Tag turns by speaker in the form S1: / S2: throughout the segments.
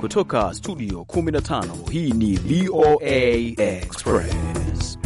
S1: Kutoka studio 15 hii ni VOA
S2: Express.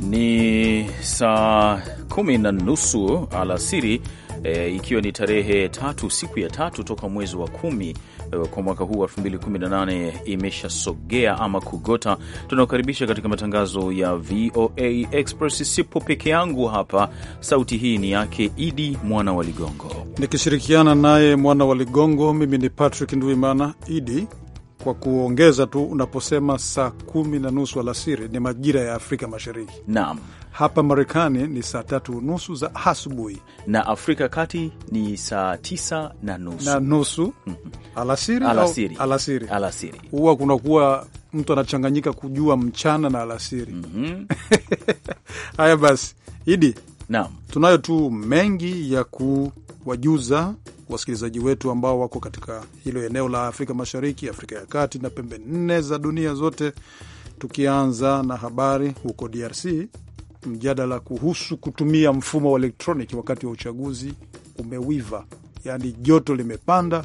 S1: Ni saa kumi na nusu alasiri e, ikiwa ni tarehe tatu siku ya tatu toka mwezi wa kumi e, kwa mwaka huu wa 2018 imeshasogea ama kugota. Tunakukaribisha katika matangazo ya VOA Express. Sipo peke yangu hapa, sauti hii ni yake Idi Mwana wa Ligongo
S3: nikishirikiana naye Mwana wa Ligongo. Mimi ni Patrick Nduimana. Idi, kwa kuongeza tu, unaposema saa kumi na nusu alasiri ni majira ya Afrika Mashariki.
S1: Naam, hapa Marekani ni saa tatu nusu za asubuhi na Afrika Kati ni saa tisa na nusu na nusu mhm. alasiri, alasiri. Alasiri. Alasiri.
S3: Huwa kunakuwa mtu anachanganyika kujua mchana na alasiri. mm -hmm. Haya basi, Idi, naam, tunayo tu mengi ya kuwajuza wasikilizaji wetu ambao wako katika hilo eneo la Afrika Mashariki, Afrika ya Kati na pembe nne za dunia zote. Tukianza na habari huko DRC, mjadala kuhusu kutumia mfumo wa elektroniki wakati wa uchaguzi umewiva, yaani joto limepanda.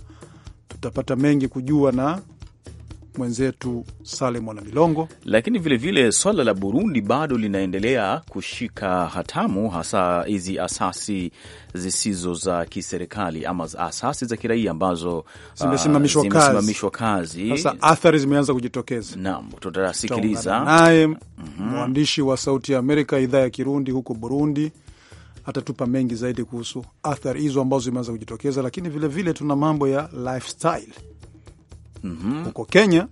S3: Tutapata mengi kujua na mwenzetu Sale Mwana Milongo.
S1: Lakini vilevile swala la Burundi bado linaendelea kushika hatamu, hasa hizi asasi zisizo za kiserikali ama asasi za kiraia ambazo ah, zimesimamishwa kazi. Kazi sasa athari zimeanza kujitokeza. Naam,
S2: tutasikiliza naye
S3: mhm. mwandishi wa Sauti ya Amerika idhaa ya Kirundi huko Burundi atatupa mengi zaidi kuhusu athari hizo ambazo zimeanza kujitokeza, lakini vilevile vile tuna mambo ya lifestyle
S1: mm -hmm. huko Kenya.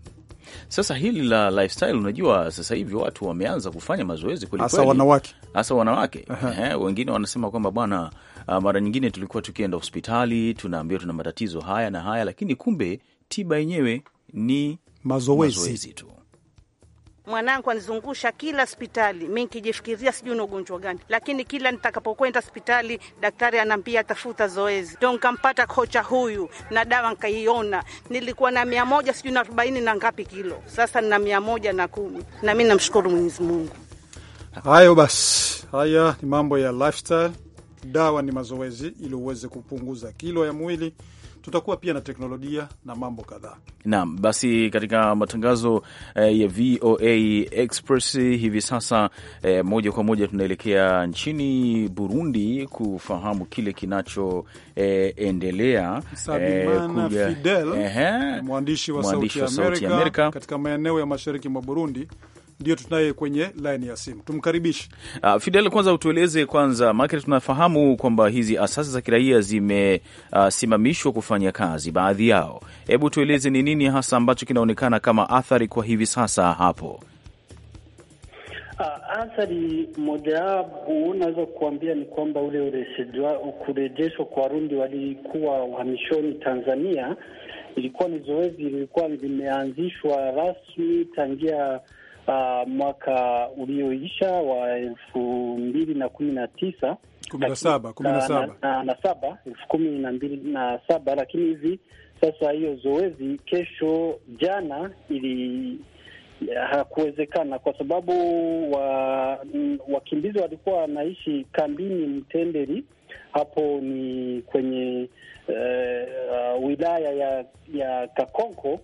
S1: Sasa hili la lifestyle, unajua sasa hivi watu wameanza kufanya mazoezi kweli kweli, hasa wanawake, hasa wanawake. Eh, wengine wanasema kwamba bwana, ah, mara nyingine tulikuwa tukienda hospitali tunaambiwa tuna matatizo haya na haya, lakini kumbe tiba yenyewe ni mazoezi, mazoezi tu
S4: mwanangu anizungusha kila hospitali, mimi nikijifikiria sijui na ugonjwa gani, lakini kila nitakapokwenda hospitali daktari anaambia tafuta zoezi. Ndio nkampata kocha huyu na dawa nkaiona nilikuwa na mia moja sijui na arobaini na ngapi kilo, sasa nina mia moja na kumi na mi namshukuru Mwenyezi Mungu.
S1: Hayo basi,
S3: haya ni mambo ya lifestyle. Dawa ni mazoezi ili uweze kupunguza kilo ya mwili tutakuwa pia na teknolojia na mambo kadhaa.
S1: Naam, basi katika matangazo eh, ya VOA Express hivi sasa eh, moja kwa moja tunaelekea nchini Burundi kufahamu kile kinachoendelea eh, eh, eh,
S3: mwandishi wa Sauti ya Amerika katika maeneo ya mashariki mwa Burundi ndio tunaye kwenye laini ya simu, tumkaribishe
S1: uh, Fidel. Kwanza utueleze kwanza, maana tunafahamu kwamba hizi asasi za kiraia zimesimamishwa uh, kufanya kazi baadhi yao. Hebu tueleze ni nini hasa ambacho kinaonekana kama athari kwa hivi sasa hapo?
S5: Uh, athari mojawapo unaweza kuambia ni kwamba ule kurejeshwa kwa Warundi walikuwa uhamishoni Tanzania ilikuwa ni zoezi lilikuwa limeanzishwa rasmi tangia uh, mwaka ulioisha wa elfu mbili na kumi na tisa
S3: kumi na saba kumi na saba
S5: ah, na saba elfu kumi na mbili na saba lakini hivi sasa hiyo zoezi kesho jana ili hakuwezekana kwa sababu wa, mm, wakimbizi walikuwa wanaishi kambini Mtendeli, hapo ni kwenye uh, wilaya ya ya Kakonko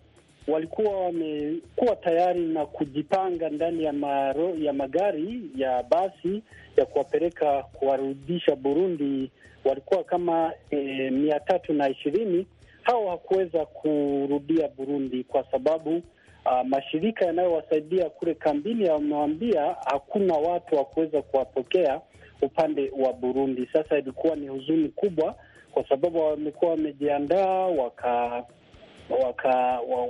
S5: walikuwa wamekuwa tayari na kujipanga ndani ya, maro, ya magari ya basi ya kuwapeleka kuwarudisha Burundi, walikuwa kama e, mia tatu na ishirini. Hao hakuweza kurudia Burundi kwa sababu a, mashirika yanayowasaidia kule kambini yamewambia hakuna watu wa kuweza kuwapokea upande wa Burundi. Sasa ilikuwa ni huzuni kubwa, kwa sababu wamekuwa wamejiandaa waka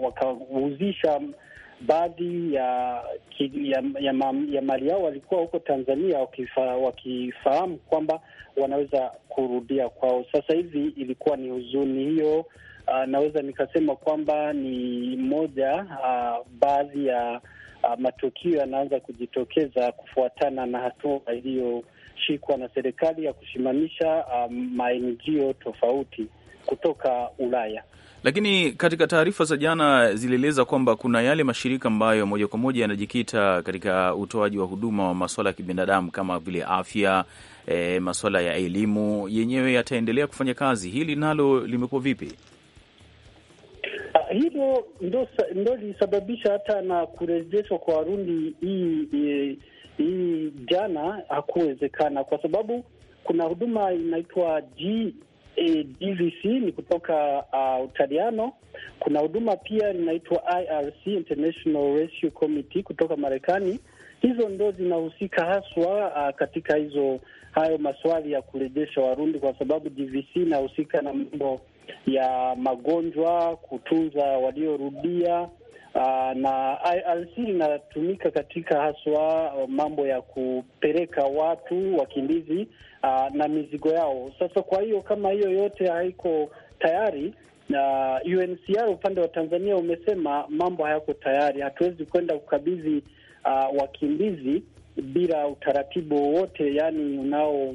S5: wakahuzisha waka baadhi ya, ya, ya, ya mali yao walikuwa huko Tanzania wakifa, wakifahamu kwamba wanaweza kurudia kwao. Sasa hivi ilikuwa ni huzuni hiyo. Uh, naweza nikasema kwamba ni moja uh, baadhi ya uh, matukio yanaanza kujitokeza kufuatana na hatua iliyoshikwa na serikali ya kusimamisha um, ma tofauti kutoka Ulaya.
S1: Lakini katika taarifa za jana zilieleza kwamba kuna yale mashirika ambayo moja kwa moja yanajikita katika utoaji wa huduma wa maswala ya kibinadamu kama vile afya, e, maswala ya elimu, yenyewe yataendelea kufanya kazi. Hili nalo limekuwa vipi?
S5: Ah, hilo ndo lilisababisha hata na kurejeshwa kwa Warundi hii eh, hii, jana hakuwezekana, kwa sababu kuna huduma inaitwa e, DVC ni kutoka uh, Utaliano. Kuna huduma pia linaitwa IRC, International Rescue Committee, kutoka Marekani. Hizo ndo zinahusika haswa uh, katika hizo hayo maswali ya kurejesha Warundi, kwa sababu DVC inahusika na mambo ya magonjwa, kutunza waliorudia Ah, na IRC inatumika katika haswa uh, mambo ya kupeleka watu wakimbizi uh, na mizigo yao. Sasa kwa hiyo kama hiyo yote haiko tayari na uh, UNHCR upande wa Tanzania umesema mambo hayako tayari, hatuwezi kwenda kukabidhi uh, wakimbizi bila utaratibu wowote, yani unao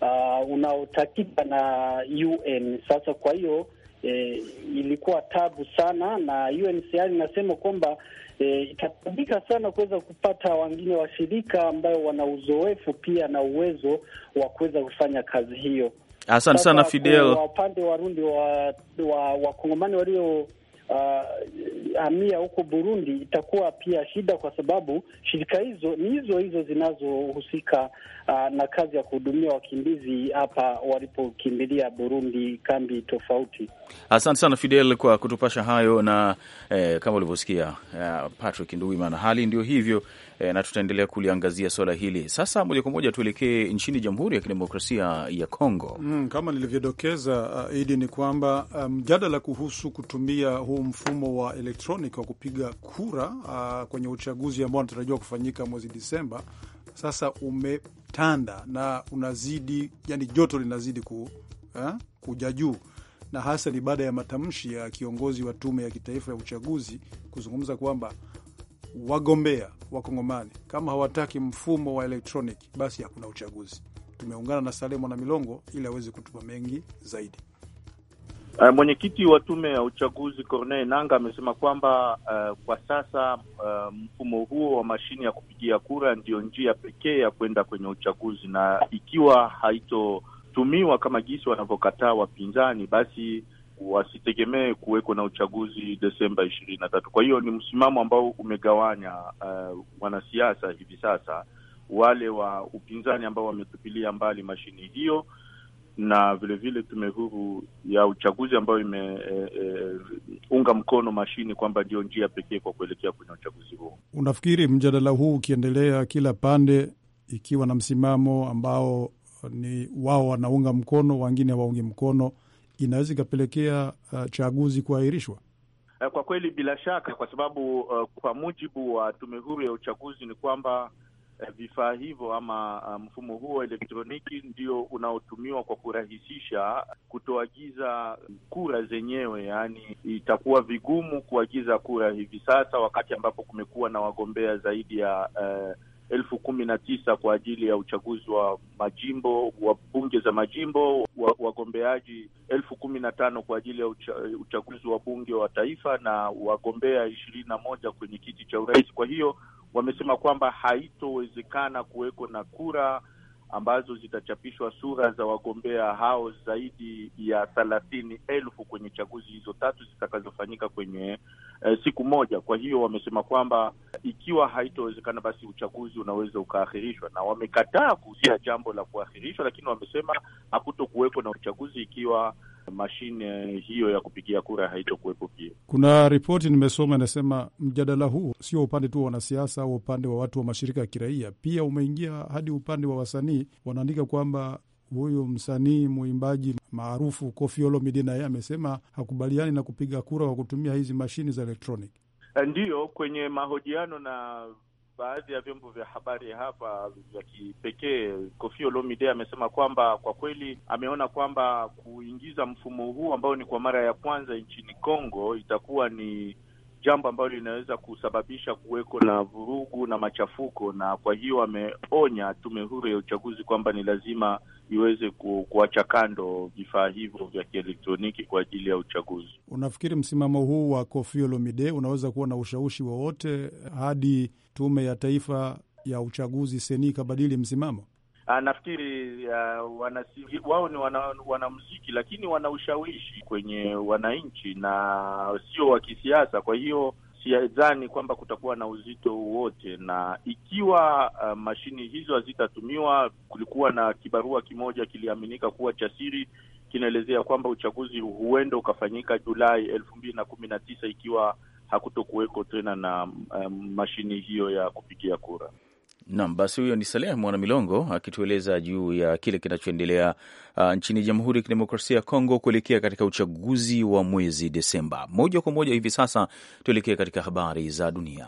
S5: uh, unaotakika na UN. Sasa kwa hiyo e, ilikuwa tabu sana, na UNHCR inasema kwamba e, eh, itatabika sana kuweza kupata wengine washirika ambayo wana uzoefu pia na uwezo wa kuweza kufanya kazi hiyo.
S1: Asante sana Fidel.
S5: upande wa Warundi wa wakongomani walio uh, amia huko Burundi itakuwa pia shida, kwa sababu shirika hizo ni hizo hizo zinazohusika uh, na kazi ya kuhudumia wakimbizi hapa walipokimbilia Burundi, kambi tofauti.
S1: Asante sana Fidel kwa kutupasha hayo, na eh, kama ulivyosikia eh, Patrick Nduwimana, hali ndio hivyo eh, na tutaendelea kuliangazia swala hili. Sasa moja kwa moja tuelekee nchini Jamhuri ya Kidemokrasia ya Kongo. Mm, kama
S3: nilivyodokeza uh, Idi, ni kwamba uh, mjadala um, kuhusu kutumia huu huu mfumo wa elektronic wa kupiga kura uh, kwenye uchaguzi ambao anatarajiwa kufanyika mwezi Disemba sasa umetanda na unazidi, yani joto linazidi ku, uh, kuja juu na hasa ni baada ya matamshi ya kiongozi wa tume ya kitaifa ya uchaguzi kuzungumza kwamba wagombea wakongomani kama hawataki mfumo wa elektroniki basi hakuna uchaguzi. Tumeungana na Saleh na Milongo ili aweze kutupa mengi
S6: zaidi. Uh, mwenyekiti wa tume ya uchaguzi Corneille Nanga amesema kwamba uh, kwa sasa uh, mfumo huo wa mashine ya kupigia kura ndiyo njia pekee ya kwenda kwenye uchaguzi, na ikiwa haitotumiwa kama jinsi wanavyokataa wapinzani, basi wasitegemee kuweko na uchaguzi Desemba ishirini na tatu. Kwa hiyo ni msimamo ambao umegawanya uh, wanasiasa hivi sasa, wale wa upinzani ambao wametupilia mbali mashine hiyo na vilevile tume huru ya uchaguzi ambayo imeunga e, e, mkono mashine kwamba ndio njia pekee kwa kuelekea kwenye uchaguzi
S3: huo. Unafikiri mjadala huu ukiendelea, kila pande ikiwa na msimamo ambao ni wao wanaunga mkono, wengine waungi mkono, inaweza ikapelekea uh, chaguzi kuahirishwa?
S6: E, kwa kweli, bila shaka, kwa sababu uh, kwa mujibu wa tume huru ya uchaguzi ni kwamba Eh, vifaa hivyo ama eh, mfumo huo wa elektroniki ndio unaotumiwa kwa kurahisisha kutoagiza kura zenyewe. Yaani, itakuwa vigumu kuagiza kura hivi sasa, wakati ambapo kumekuwa na wagombea zaidi ya eh, elfu kumi na tisa kwa ajili ya uchaguzi wa majimbo wa bunge za majimbo, wagombeaji wa elfu kumi na tano kwa ajili ya ucha, uchaguzi wa bunge wa taifa na wagombea ishirini na moja kwenye kiti cha urais. Kwa hiyo wamesema kwamba haitowezekana kuweko na kura ambazo zitachapishwa sura za wagombea hao zaidi ya thelathini elfu kwenye chaguzi hizo tatu zitakazofanyika kwenye eh, siku moja. Kwa hiyo wamesema kwamba ikiwa haitowezekana, basi uchaguzi unaweza ukaahirishwa, na wamekataa kuhusia jambo la kuahirishwa, lakini wamesema hakuto kuweko na uchaguzi ikiwa mashine hiyo ya kupigia kura haitokuwepo. Pia
S3: kuna ripoti nimesoma inasema mjadala huu sio upande tu wa wanasiasa au upande wa watu wa mashirika ya kiraia, pia umeingia hadi upande wa wasanii. Wanaandika kwamba huyu msanii mwimbaji maarufu Koffi Olomide naye amesema hakubaliani na kupiga kura kwa kutumia hizi mashini za elektroniki.
S6: Ndiyo, kwenye mahojiano na baadhi ya vyombo vya habari hapa vya kipekee, kofi Olomide amesema kwamba kwa kweli ameona kwamba kuingiza mfumo huu ambao ni kwa mara ya kwanza nchini Kongo itakuwa ni jambo ambalo linaweza kusababisha kuweko na vurugu na machafuko, na kwa hiyo ameonya tume huru ya uchaguzi kwamba ni lazima iweze kuacha kando vifaa hivyo vya kielektroniki kwa ajili ya uchaguzi.
S3: Unafikiri msimamo huu wa Kofi Olomide unaweza kuwa na ushawishi wowote hadi tume ya taifa ya uchaguzi seni ikabadili msimamo?
S6: Ah, nafikiri uh, wao ni wanamuziki wana lakini wana ushawishi kwenye wananchi na sio wa kisiasa, kwa hiyo siadhani kwamba kutakuwa na uzito wowote, na ikiwa uh, mashini hizo hazitatumiwa. Kulikuwa na kibarua kimoja kiliaminika kuwa cha siri, kinaelezea kwamba uchaguzi huenda ukafanyika Julai elfu mbili na kumi na tisa ikiwa hakutokuweko tena na um, mashini hiyo ya kupigia kura.
S1: Nam, basi huyo ni Saleh Mwana Milongo akitueleza juu ya kile kinachoendelea uh, nchini Jamhuri ya Kidemokrasia ya Kongo kuelekea katika uchaguzi wa mwezi Desemba. Moja kwa moja hivi sasa tuelekee katika habari za dunia.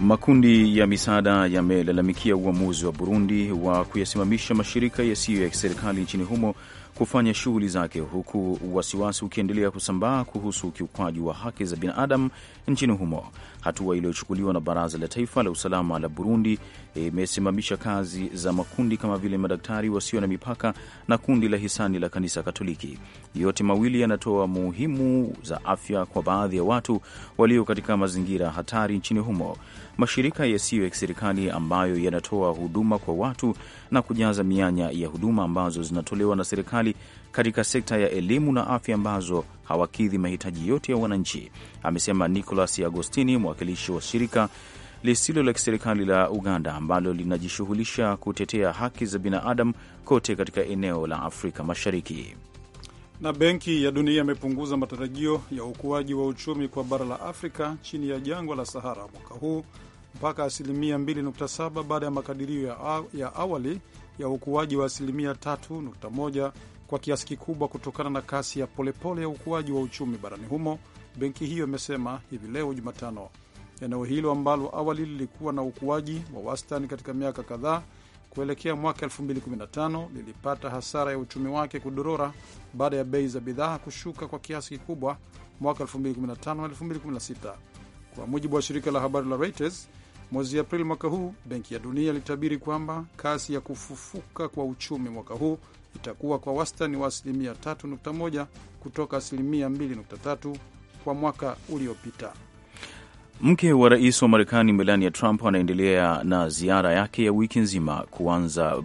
S1: Makundi ya misaada yamelalamikia uamuzi wa Burundi wa kuyasimamisha mashirika yasiyo ya kiserikali nchini humo kufanya shughuli zake huku wasiwasi ukiendelea kusambaa kuhusu ukiukwaji wa haki za binadamu nchini humo. Hatua iliyochukuliwa na Baraza la Taifa la Usalama la Burundi imesimamisha kazi za makundi kama vile Madaktari Wasio na Mipaka na kundi la hisani la Kanisa Katoliki. Yote mawili yanatoa muhimu za afya kwa baadhi ya watu walio katika mazingira hatari nchini humo. Mashirika yasiyo ya kiserikali ambayo yanatoa huduma kwa watu na kujaza mianya ya huduma ambazo zinatolewa na serikali katika sekta ya elimu na afya ambazo hawakidhi mahitaji yote ya wananchi, amesema Nicholas Agostini, mwakilishi wa shirika lisilo la kiserikali la Uganda ambalo linajishughulisha kutetea haki za binadamu kote katika eneo la Afrika Mashariki.
S3: Na Benki ya Dunia imepunguza matarajio ya ukuaji wa uchumi kwa bara la Afrika chini ya jangwa la Sahara mwaka huu mpaka asilimia 2.7 baada ya makadirio ya awali ya ukuaji wa asilimia 3.1 kwa kiasi kikubwa kutokana na kasi ya polepole ya ukuaji wa uchumi barani humo, benki hiyo imesema hivi leo Jumatano. Eneo hilo ambalo awali lilikuwa na ukuaji wa wastani katika miaka kadhaa kuelekea mwaka 2015 lilipata hasara ya uchumi wake kudorora baada ya bei za bidhaa kushuka kwa kiasi kikubwa mwaka 2015 na 2016. Kwa mujibu wa shirika la habari la Reuters, mwezi Aprili mwaka huu, Benki ya Dunia ilitabiri kwamba kasi ya kufufuka kwa uchumi mwaka huu itakuwa kwa wastani wa asilimia 3.1 kutoka asilimia 2.3 kwa mwaka uliopita.
S1: Mke wa rais wa Marekani Melania Trump anaendelea na ziara yake ya wiki nzima kuanza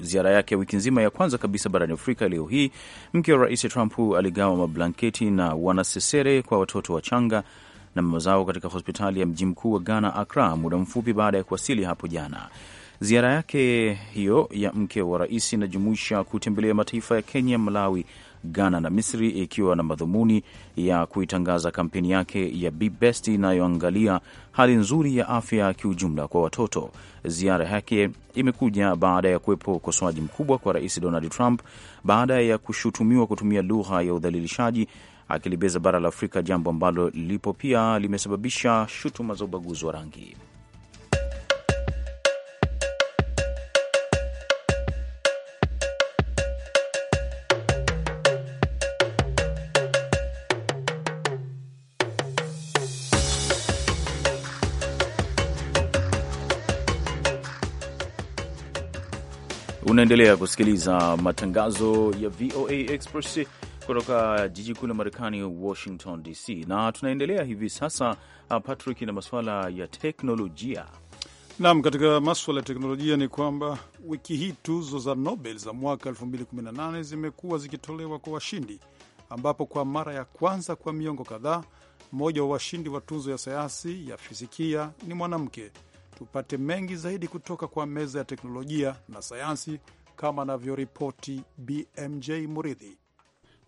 S1: ziara yake ya wiki nzima ya kwanza kabisa barani Afrika. Leo hii mke wa rais Trump aligawa mablanketi na wanasesere kwa watoto wachanga na mama zao katika hospitali ya mji mkuu wa Ghana, Akra, muda mfupi baada ya kuwasili hapo jana. Ziara yake hiyo ya mke wa rais inajumuisha kutembelea mataifa ya Kenya, Malawi, Ghana na Misri ikiwa na madhumuni ya kuitangaza kampeni yake ya Be Best inayoangalia hali nzuri ya afya kiujumla kwa watoto. Ziara yake imekuja baada ya kuwepo ukosoaji mkubwa kwa Rais Donald Trump baada ya kushutumiwa kutumia lugha ya udhalilishaji akilibeza bara la Afrika, jambo ambalo lipo pia limesababisha shutuma za ubaguzi wa rangi. Unaendelea kusikiliza matangazo ya VOA Express kutoka jiji kuu la Marekani, Washington DC, na tunaendelea hivi sasa, ah, Patrick, na masuala ya teknolojia.
S3: Naam, katika maswala ya teknolojia ni kwamba wiki hii tuzo za Nobel za mwaka 2018 zimekuwa zikitolewa kwa washindi, ambapo kwa mara ya kwanza kwa miongo kadhaa mmoja wa washindi wa tuzo ya sayansi ya fizikia ni mwanamke tupate mengi zaidi kutoka kwa meza ya teknolojia na sayansi, kama anavyoripoti BMJ Muridhi.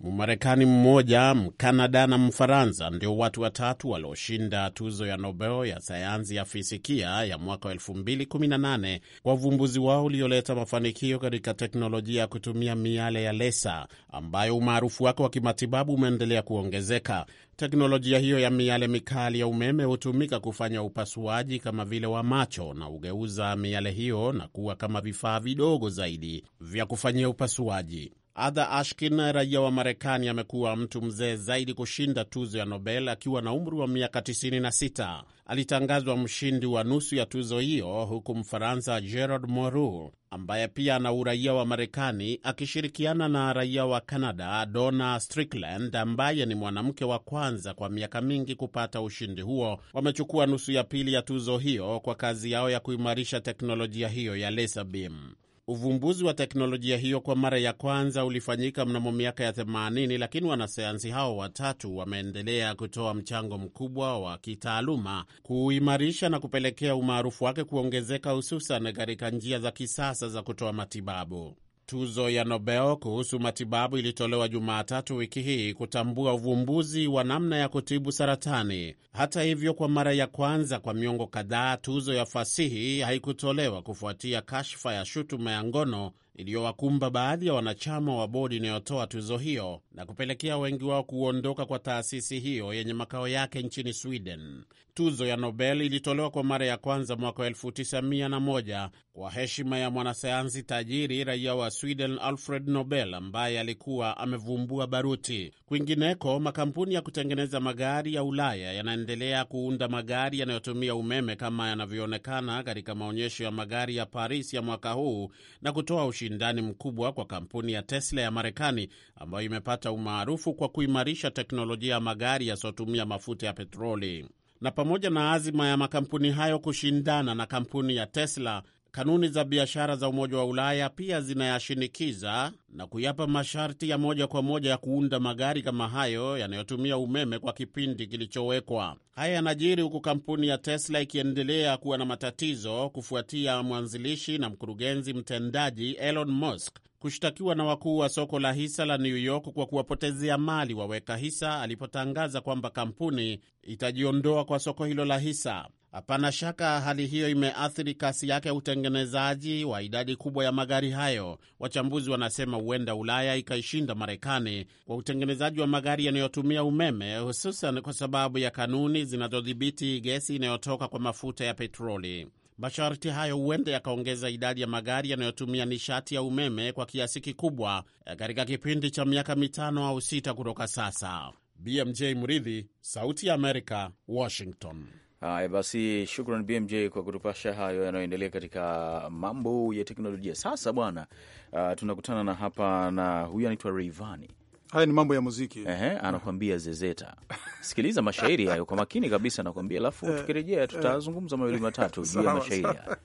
S7: Mmarekani mmoja, Mkanada na Mfaransa ndio watu watatu walioshinda tuzo ya Nobel ya sayansi ya fisikia ya mwaka 2018 kwa uvumbuzi wao ulioleta mafanikio katika teknolojia ya kutumia miale ya lesa ambayo umaarufu wake wa kimatibabu umeendelea kuongezeka. Teknolojia hiyo ya miale mikali ya umeme hutumika kufanya upasuaji kama vile wa macho na hugeuza miale hiyo na kuwa kama vifaa vidogo zaidi vya kufanyia upasuaji. Adha Ashkin, raia wa Marekani, amekuwa mtu mzee zaidi kushinda tuzo ya Nobel akiwa na umri wa miaka 96. Alitangazwa mshindi wa nusu ya tuzo hiyo, huku Mfaransa Gerard Moreau ambaye pia ana uraia wa Marekani akishirikiana na raia wa Canada Donna Strickland ambaye ni mwanamke wa kwanza kwa miaka mingi kupata ushindi huo, wamechukua nusu ya pili ya tuzo hiyo kwa kazi yao ya kuimarisha teknolojia hiyo ya laser beam. Uvumbuzi wa teknolojia hiyo kwa mara ya kwanza ulifanyika mnamo miaka ya 80, lakini wanasayansi hao watatu wameendelea kutoa mchango mkubwa wa kitaaluma kuuimarisha na kupelekea umaarufu wake kuongezeka, hususan katika njia za kisasa za kutoa matibabu tuzo ya Nobel kuhusu matibabu ilitolewa Jumatatu wiki hii kutambua uvumbuzi wa namna ya kutibu saratani. Hata hivyo, kwa mara ya kwanza kwa miongo kadhaa, tuzo ya fasihi haikutolewa kufuatia kashfa ya shutuma ya ngono iliyowakumba baadhi ya wanachama wa bodi inayotoa tuzo hiyo na kupelekea wengi wao kuondoka kwa taasisi hiyo yenye makao yake nchini Sweden. Tuzo ya Nobel ilitolewa kwa mara ya kwanza mwaka 1901 kwa heshima ya mwanasayansi tajiri raia wa Sweden Alfred Nobel ambaye alikuwa amevumbua baruti. Kwingineko, makampuni ya kutengeneza magari ya Ulaya yanaendelea kuunda magari yanayotumia umeme kama yanavyoonekana katika maonyesho ya magari ya Paris ya mwaka huu na kutoa ushindi ushindani mkubwa kwa kampuni ya Tesla ya Marekani ambayo imepata umaarufu kwa kuimarisha teknolojia ya magari yasiyotumia mafuta ya petroli. Na pamoja na azima ya makampuni hayo kushindana na kampuni ya Tesla, Kanuni za biashara za Umoja wa Ulaya pia zinayashinikiza na kuyapa masharti ya moja kwa moja ya kuunda magari kama hayo yanayotumia umeme kwa kipindi kilichowekwa. Haya yanajiri huku kampuni ya Tesla ikiendelea kuwa na matatizo kufuatia mwanzilishi na mkurugenzi mtendaji Elon Musk kushtakiwa na wakuu wa soko la hisa la New York kwa kuwapotezea mali waweka hisa alipotangaza kwamba kampuni itajiondoa kwa soko hilo la hisa. Hapana shaka hali hiyo imeathiri kasi yake ya utengenezaji wa idadi kubwa ya magari hayo. Wachambuzi wanasema huenda Ulaya ikaishinda Marekani kwa utengenezaji wa magari yanayotumia umeme, hususan kwa sababu ya kanuni zinazodhibiti gesi inayotoka kwa mafuta ya petroli. Masharti hayo huenda yakaongeza idadi ya magari yanayotumia nishati ya umeme kwa kiasi kikubwa eh, katika kipindi cha miaka mitano au sita kutoka sasa. BMJ Mridhi, Sauti ya Amerika, Washington.
S1: Haya basi, shukran BMJ kwa kutupasha hayo yanayoendelea katika mambo ya teknolojia. Sasa bwana, uh, tunakutana na hapa na huyu anaitwa Rayvanny. Haya ni mambo ya muziki. Ehe, anakuambia zezeta. Sikiliza mashairi hayo kwa makini kabisa, anakwambia alafu eh, tukirejea eh. tutazungumza mawili matatu juu ya mashairi hayo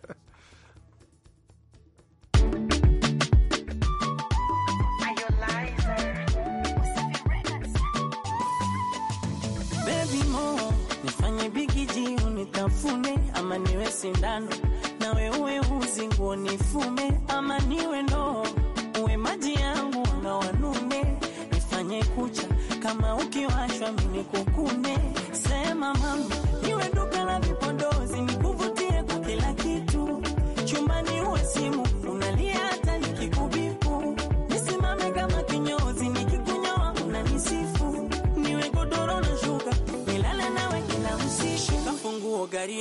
S8: nifanye bigiji unitafune, ama niwe sindano nawe uwe uzi nguo nifume, ama niwe ndo uwe maji yangu na wanume, nifanye kucha kama ukiwashwa mimi kukune, sema mama niwe duka la vipodozi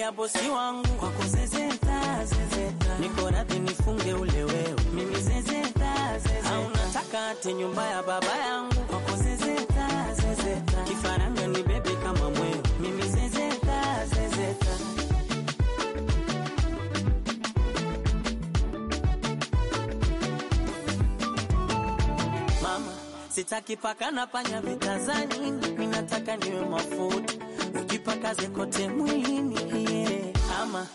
S8: ya bosi wangu wako zezeta, zezeta. Niko radhi nifunge ule wewe mimi zezeta, zezeta. Au nataka ate nyumba ya baba yangu wako zezeta, zezeta. Kifaranga ni bebe kama mwewe mimi zezeta, zezeta. Mama sitaki paka na panya vitazani, mimi nataka niwe mafuta nipakaze kote mwilini yeah. Ama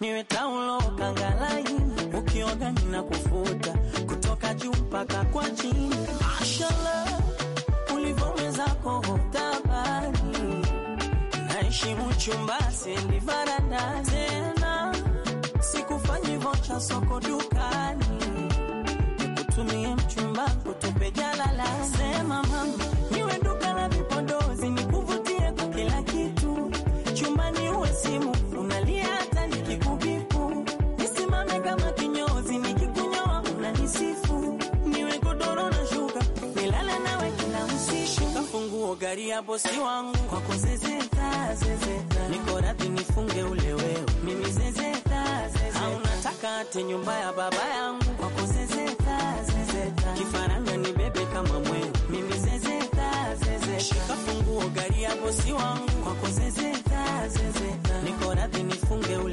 S8: niwe taulo kangalaini, ukioga kufuta kutoka juu mpaka kwa chini. Mashallah, ulivomezako bani naishi mchumba sendi varanda tena, sikufanyi vocha soko dukani, nikutumie mchumba kutupe jalala, sema mama ya bosi wangu kwako zezeta, zezeta. Niko radhi nifunge ule wewe mimi zezeta, zezeta. Au nataka ate nyumba ya baba yangu kwako zezeta, zezeta. Kifaranga ni bebe kama mwewe mimi zezeta, zezeta. Shika funguo gari ya bosi wangu kwako zezeta, zezeta. Niko radhi nifunge ule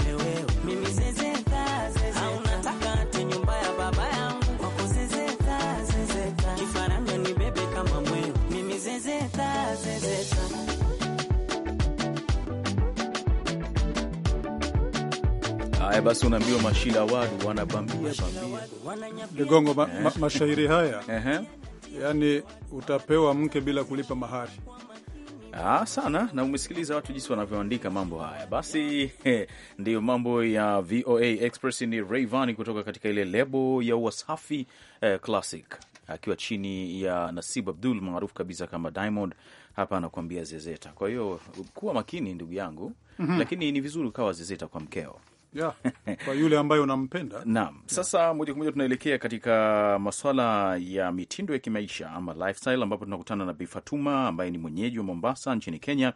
S1: Haya basi, unaambiwa mashila wadu wanabambia
S3: bambia ligongo ma, ma, mashairi haya yani utapewa mke bila kulipa mahari.
S1: Ah, sana na umesikiliza watu jinsi wanavyoandika mambo haya. Basi ndiyo mambo ya VOA Express. Ni Rayvanny kutoka katika ile lebo ya Wasafi eh, Classic akiwa chini ya Nasib Abdul maarufu kabisa kama Diamond. Hapa anakuambia zezeta. Kwa hiyo kuwa makini ndugu yangu, mm -hmm. Lakini ni vizuri ukawa zezeta kwa mkeo yeah, kwa yule ambaye unampenda naam. Sasa moja kwa moja tunaelekea katika maswala ya mitindo ya kimaisha ama lifestyle, ambapo tunakutana na bifatuma ambaye ni mwenyeji wa Mombasa nchini Kenya.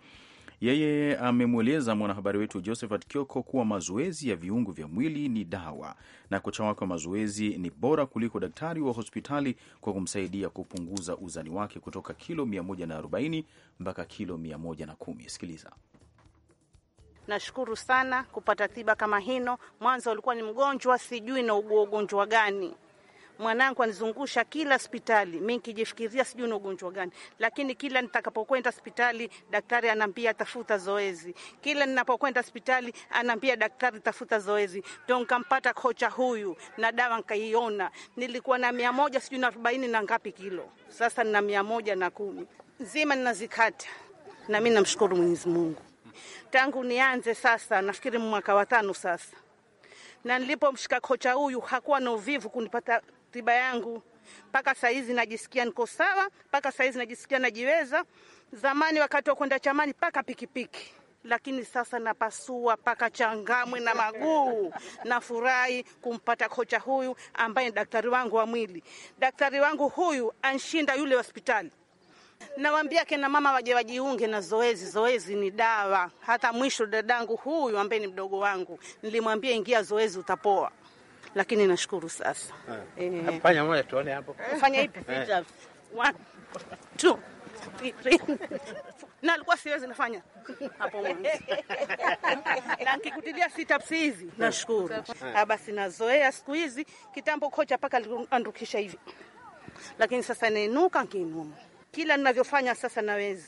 S1: Yeye amemweleza mwanahabari wetu Josephat Kioko kuwa mazoezi ya viungo vya mwili ni dawa, na kocha wake wa mazoezi ni bora kuliko daktari wa hospitali kwa kumsaidia kupunguza uzani wake kutoka kilo 140 mpaka kilo 110. Sikiliza.
S4: Nashukuru sana kupata tiba kama hino. Mwanzo alikuwa ni mgonjwa, sijui na ugua ugonjwa gani mwanangu anizungusha kila hospitali, mi nkijifikiria sijui na ugonjwa gani, lakini kila nitakapokwenda hospitali daktari anaambia tafuta zoezi. Kila ninapokwenda hospitali anaambia daktari tafuta zoezi, ndo nkampata kocha huyu na dawa nkaiona. Nilikuwa na mia moja sijui na arobaini na ngapi kilo, sasa nina mia moja na kumi nzima ninazikata, na mi namshukuru Mwenyezi Mungu tangu nianze sasa, nafikiri mwaka wa tano sasa, na nilipomshika kocha huyu hakuwa na uvivu kunipata tiba yangu mpaka saizi najisikia niko sawa, mpaka saizi najisikia najiweza. Zamani wakati wa kwenda chamani mpaka pikipiki, lakini sasa napasua mpaka changamwe na maguu. Nafurahi kumpata kocha huyu ambaye ni daktari wangu wa mwili. Daktari wangu huyu anshinda yule hospitali Nawaambia kina mama waje wajiunge na zoezi. Zoezi ni dawa. Hata mwisho dadangu huyu ambaye ni mdogo wangu nilimwambia, ingia zoezi utapoa, lakini nashukuru sasa. fanya eh. eh. moja tuone hapo, fanya ipi? Eh. One, two, three. Na alikuwa siwezi nafanya hapo mwanzo na nikikutilia sit-ups hizi, nashukuru Ah, basi, nazoea siku hizi. Kitambo kocha paka andukisha hivi, lakini sasa nainuka nkiinuma kila ninavyofanya sasa naweza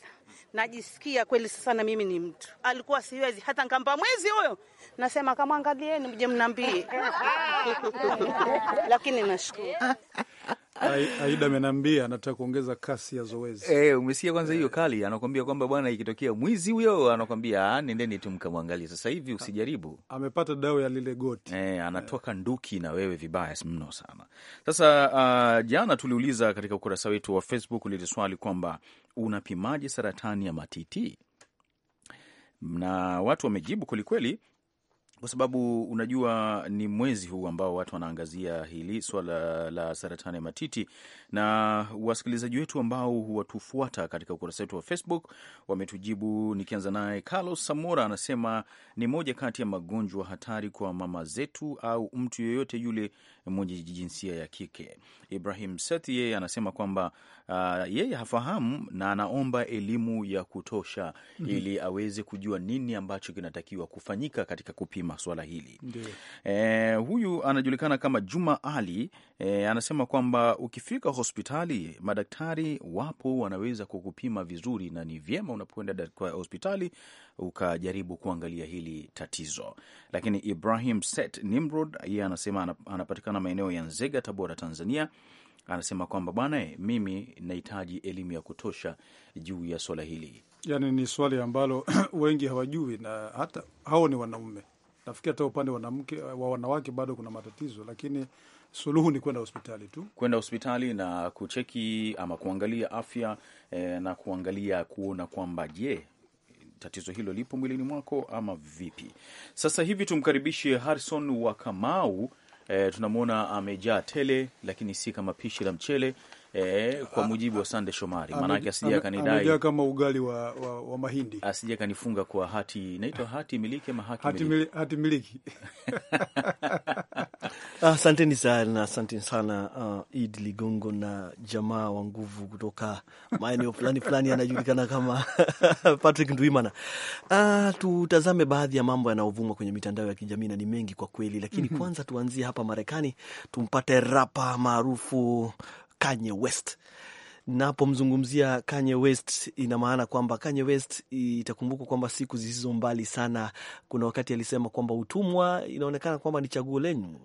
S4: najisikia kweli sasa na mimi ni mtu. Alikuwa siwezi hata nkampa mwezi huyo, nasema kama angalieni, mje mnambie. Lakini nashukuru
S3: Aida ameniambia anataka kuongeza kasi ya zoezi. e,
S1: umesikia kwanza hiyo eh. kali, anakwambia kwamba bwana, ikitokea mwizi huyo anakwambia ah, nendeni tu mkamwangalia. Sasa hivi usijaribu, amepata dawa ya lile goti. e, anatoka nduki na wewe vibaya mno sana. Sasa uh, jana tuliuliza katika ukurasa wetu wa Facebook lile swali kwamba unapimaje saratani ya matiti, na watu wamejibu kwelikweli kwa sababu unajua ni mwezi huu ambao watu wanaangazia hili swala la saratani ya matiti na wasikilizaji wetu ambao huwatufuata katika ukurasa wetu wa Facebook wametujibu. Nikianza naye Carlos Samora anasema ni moja kati ya magonjwa hatari kwa mama zetu au mtu yoyote yule mwenye jinsia ya kike. Ibrahim Seth yeye anasema kwamba uh, yeye hafahamu na anaomba elimu ya kutosha mm -hmm. ili aweze kujua nini ambacho kinatakiwa kufanyika katika kupima swala hili. Eh, huyu anajulikana kama Juma Ali eh, anasema kwamba ukifika hospitali madaktari wapo, wanaweza kukupima vizuri, na ni vyema unapoenda kwa hospitali ukajaribu kuangalia hili tatizo. Lakini Ibrahim Set Nimrod yeye anasema, anapatikana maeneo ya Nzega, Tabora, Tanzania. Anasema kwamba bwana, mimi nahitaji elimu ya kutosha juu ya swala hili,
S3: yani ni swali ambalo wengi hawajui, na hata hao ni wanaume. Nafikiri hata upande wanamke wa wanawake bado kuna matatizo, lakini suluhu ni kwenda hospitali tu,
S1: kwenda hospitali na kucheki ama kuangalia afya e, na kuangalia kuona kwamba je, tatizo hilo lipo mwilini mwako ama vipi? Sasa hivi tumkaribishe Harrison wa Kamau. E, eh, tunamwona amejaa tele, lakini si kama pishi la mchele e, kwa mujibu wa Sande Shomari, maanake asije kanidai
S3: kama ugali wa, wa, wa mahindi,
S1: asije kanifunga kwa hati, inaitwa hati miliki ama hati miliki, hati miliki.
S2: Asanteni ah, sana asanteni sana uh, Id Ligongo na jamaa wa nguvu kutoka maeneo fulani fulani yanajulikana kama Patrick Ndwimana. Uh, tutazame baadhi ya mambo yanayovuma kwenye mitandao ya kijamii na ni mengi kwa kweli, lakini mm -hmm. Kwanza tuanzie hapa Marekani, tumpate rapa maarufu Kanye West Napomzungumzia Kanye West ina maana kwamba Kanye West itakumbukwa kwamba siku zisizo mbali sana, kuna wakati alisema kwamba utumwa inaonekana kwamba ni chaguo lenyu,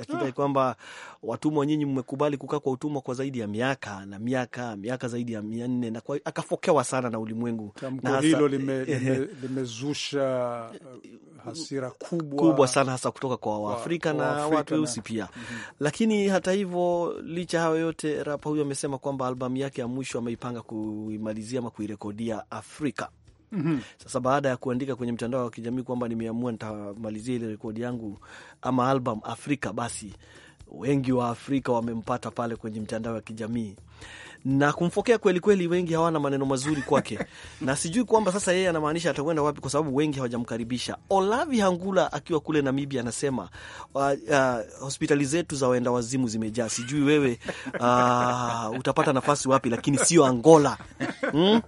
S2: akidai ah, kwamba watumwa nyinyi mmekubali kukaa kwa utumwa kwa zaidi ya miaka na miaka miaka zaidi ya mia nne, na akafokewa sana na ulimwengu. hilo eh, eh. limezusha lime uh, hasira kubwa, kubwa sana hasa kutoka kwa Waafrika na watu weusi pia. Mm -hmm. Lakini hata hivyo, licha hayo yote, rapa huyo amesema kwamba albamu yake ya mwisho ameipanga kuimalizia ama kuirekodia Afrika. Mm -hmm. Sasa baada ya kuandika kwenye mtandao wa kijamii kwamba nimeamua nitamalizia ile rekodi yangu ama album Afrika, basi wengi wa Afrika wamempata pale kwenye mtandao wa kijamii na kumfokea kweli kweli, wengi hawana maneno mazuri kwake na sijui kwamba sasa yeye anamaanisha atakwenda wapi, kwa sababu wengi hawajamkaribisha. Olavi Hangula akiwa kule Namibia anasema uh, uh, hospitali zetu za waenda wazimu zimejaa, sijui wewe uh, utapata nafasi wapi, lakini sio Angola mm?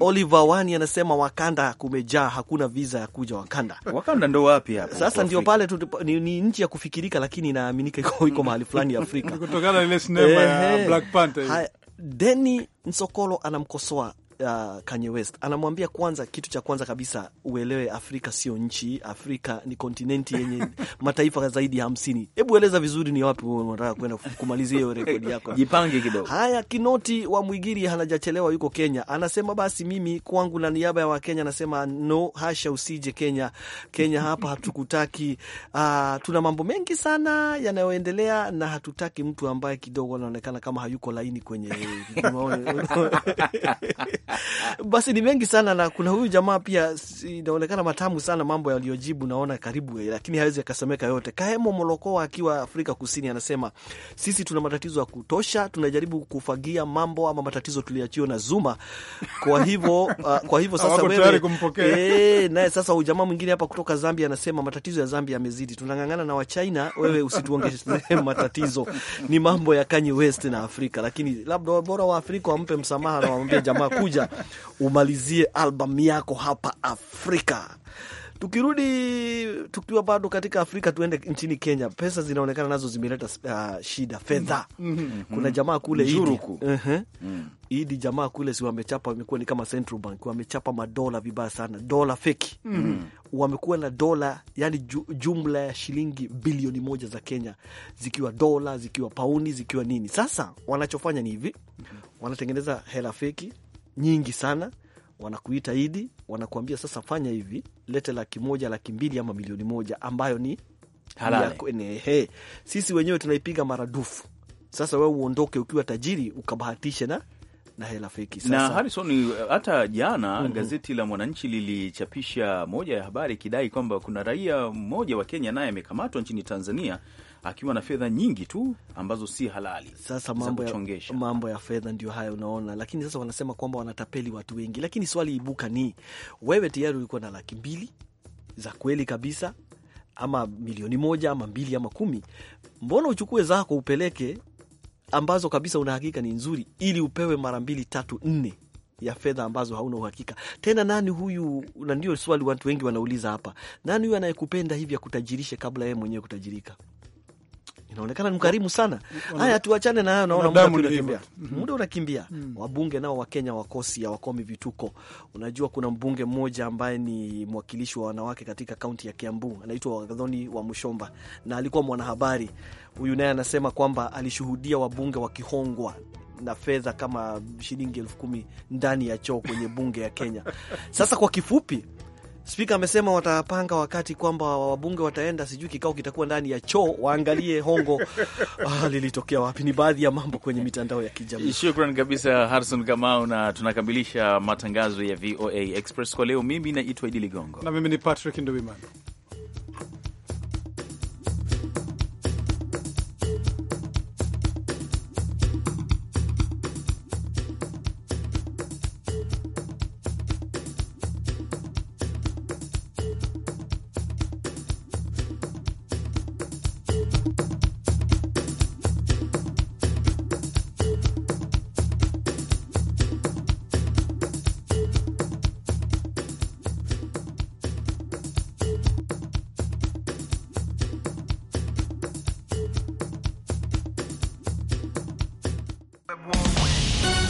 S2: Oliver Wani anasema Wakanda kumejaa, hakuna viza ya kuja Wakanda. Wakanda ndo wapi hapo? Sasa ndio pale tu, ni, ni nchi ya kufikirika, lakini inaaminika iko mahali fulani ya Afrika kutokana na ile sinema ya Black Panther. Deni Nsokolo anamkosoa uh, Kanye West anamwambia, kwanza, kitu cha kwanza kabisa uelewe, Afrika sio nchi. Afrika ni kontinenti yenye mataifa zaidi ya hamsini. Hebu eleza vizuri, ni wapi unataka kwenda kumalizia hiyo rekodi yako? Jipange kidogo. Haya, Kinoti wa Mwigiri hanajachelewa, yuko Kenya, anasema basi mimi kwangu na niaba ya Wakenya anasema no, hasha, usije Kenya. Kenya hapa hatukutaki. Uh, tuna mambo mengi sana yanayoendelea na hatutaki mtu ambaye kidogo anaonekana kama hayuko laini kwenye Basi ni mengi sana, na kuna huyu jamaa pia inaonekana matamu sana mambo yaliyojibu, naona karibu, eh, lakini hawezi akasomeka yote. Kahemo Molokoa akiwa Afrika Kusini anasema sisi tuna matatizo ya kutosha, tunajaribu kufagia mambo ama matatizo tuliachiwa na Zuma. Kwa hivyo uh, kwa hivyo sasa wewe eh, naye sasa ujamaa mwingine hapa kutoka Zambia anasema matatizo ya Zambia yamezidi, tunang'ang'ana na Wachina, wewe usituongezee matatizo. Ni mambo ya Kanye West na Afrika, lakini labda bora Waafrika wampe msamaha na wamwambie jamaa kuja kuja umalizie albamu yako hapa Afrika. Tukirudi tukiwa bado katika Afrika, tuende nchini Kenya. Pesa zinaonekana nazo zimeleta uh, shida fedha. mm -hmm. Kuna jamaa kule Idi. Uh -huh. mm. Idi jamaa kule si wamechapa, wamekuwa ni kama Central Bank, wamechapa madola vibaya sana, dola feki. mm -hmm. Wamekuwa na dola yani jumla ya shilingi bilioni moja za Kenya, zikiwa dola, zikiwa pauni, zikiwa nini. Sasa wanachofanya ni hivi, mm-hmm. wanatengeneza hela feki nyingi sana, wanakuita Idi, wanakuambia sasa, fanya hivi, lete laki moja, laki mbili ama milioni moja ambayo ni halali. Sisi wenyewe tunaipiga maradufu. Sasa wewe uondoke ukiwa tajiri ukabahatishe na na hela feki. Sasa na
S1: Harrison, hata jana mm -hmm. gazeti la Mwananchi lilichapisha moja ya habari ikidai kwamba kuna raia mmoja wa Kenya naye amekamatwa nchini Tanzania akiwa na fedha nyingi tu ambazo si halali.
S2: Sasa mambo ya, mambo ya fedha ndio haya unaona, lakini sasa wanasema kwamba wanatapeli watu wengi, lakini swali ibuka ni wewe tayari ulikuwa na laki mbili za kweli kabisa ama milioni moja ama mbili ama kumi, mbona uchukue zako upeleke ambazo kabisa una hakika ni nzuri, ili upewe mara mbili tatu nne ya fedha ambazo hauna uhakika tena. Nani huyu? Na ndio swali watu wengi wanauliza hapa, nani huyu anayekupenda hivi akutajirishe kabla yeye mwenyewe kutajirika? inaonekana ni mkarimu sana. Haya, tuachane na hayo, naona mm-hmm. muda unakimbia, muda mm. unakimbia. Wabunge nao wa Kenya wakosi ya wakomi vituko. Unajua, kuna mbunge mmoja ambaye ni mwakilishi wa wanawake katika kaunti ya Kiambu, anaitwa Wagadhoni wa Mshomba na alikuwa mwanahabari. Huyu naye anasema kwamba alishuhudia wabunge wakihongwa na fedha kama shilingi elfu kumi ndani ya choo kwenye bunge ya Kenya. Sasa kwa kifupi Spika amesema watapanga wakati kwamba wabunge wataenda, sijui kikao kitakuwa ndani ya choo, waangalie hongo ah, lilitokea wapi. Ni baadhi ya mambo kwenye mitandao ya kijamii.
S1: Shukran kabisa Harison Kamau, na tunakamilisha matangazo ya VOA Express kwa leo. Mimi naitwa Idi Ligongo
S3: na mimi ni Patrick Nduwimana.